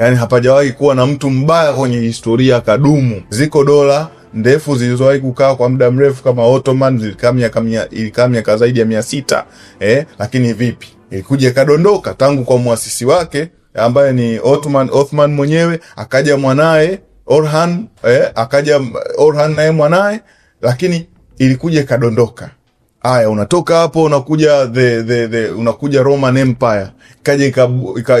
yani hapajawahi kuwa na mtu mbaya kwenye historia kadumu. Ziko dola ndefu zilizowahi kukaa kwa muda mrefu kama Ottoman zilikaa miaka zaidi ya mia sita eh, lakini vipi ilikuja ikadondoka tangu kwa mwasisi wake ambaye ni Ottoman, Othman mwenyewe akaja mwanaye Orhan eh, akaja Orhan naye mwanaye, lakini ilikuja ikadondoka. Aya, unatoka hapo unakuja the, the, the, unakuja Roman Empire kaja ikavunjika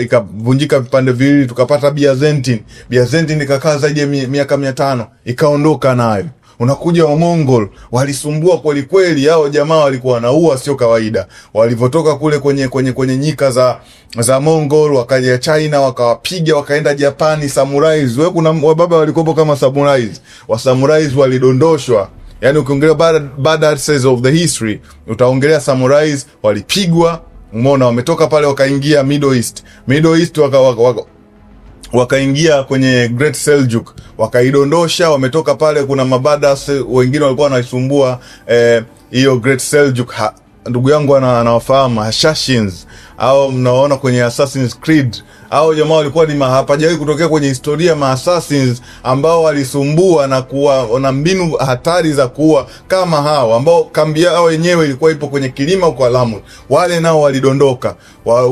ika, vipande viwili, tukapata Byzantine. Byzantine ikakaa zaidi ya miaka mia tano ikaondoka nayo. Unakuja Wamongol walisumbua kwelikweli, hao jamaa walikuwa wanaua sio kawaida. Walivyotoka kule kwenye, kwenye, kwenye nyika za, za Mongol wakaja China wakawapiga, wakaenda Japani. Samurais we kuna wababa walikopo kama samurais, wasamurais walidondoshwa yani ukiongelea bad, of the history utaongelea samurais walipigwa, m'ona wametoka pale wakaingia Middle East, Middle East waka, waka, waka wakaingia kwenye Great Seljuk wakaidondosha. Wametoka pale, kuna mabadas wengine walikuwa wanaisumbua eh, hiyo eh, Great Seljuk ha ndugu yangu anawafahamu assassins au mnaona kwenye Assassin's Creed au jamaa walikuwa ni hapajawai kutokea kwenye historia ma assassins ambao walisumbua na kuwa na mbinu hatari za kuua kama hao ambao kambi yao wenyewe ilikuwa ipo kwenye kilima kwa Lamu. Wale nao walidondoka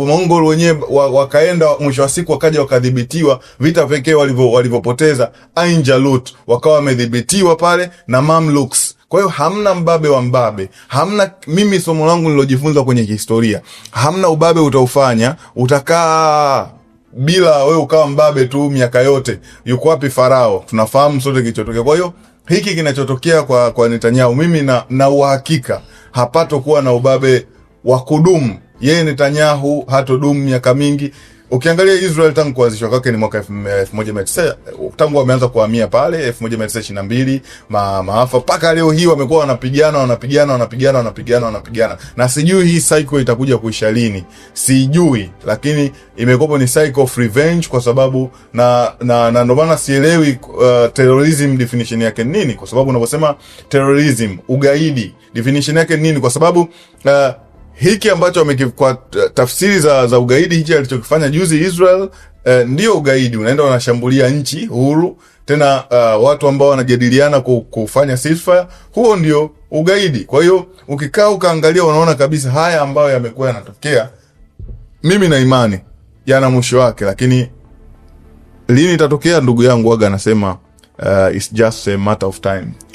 Mongol wenyewe wakaenda, mwisho wa siku wakaja wakadhibitiwa. Vita pekee walivyopoteza Ainjalut, wakawa wamedhibitiwa pale na Mamluks kwa hiyo hamna mbabe wa mbabe, hamna mimi. Somo langu nilojifunza kwenye historia, hamna ubabe utaufanya utakaa bila we ukawa mbabe tu miaka yote. Yuko wapi Farao? Tunafahamu sote kilichotokea. Kwa hiyo hiki kinachotokea kwa, kwa Netanyahu, mimi na, na uhakika hapato kuwa na ubabe wa kudumu. Yeye Netanyahu hatodumu miaka mingi. Ukiangalia Israel tangu kuanzishwa kwake ni mwaka 1900 tangu wameanza kuhamia pale 1922 ma, maafa paka leo hii wamekuwa wanapigana wanapigana wanapigana wanapigana wanapigana, na sijui hii cycle itakuja kuisha lini, sijui, lakini imekuwa ni cycle of revenge, kwa sababu na na, na ndio maana sielewi uh, terrorism definition yake nini, kwa sababu unaposema terrorism, ugaidi definition yake nini, kwa sababu uh, hiki ambacho kwa eh, tafsiri za, za ugaidi hichi alichokifanya juzi Israel eh, ndio ugaidi. Unaenda wanashambulia nchi huru tena, uh, watu ambao wanajadiliana kufanya ceasefire, huo ndio ugaidi. Kwa hiyo ukikaa ukaangalia, unaona kabisa haya ambayo yamekuwa yanatokea, mimi na imani yana mwisho wake, lakini lini itatokea, ndugu yangu waga anasema, uh, it's just a matter of time.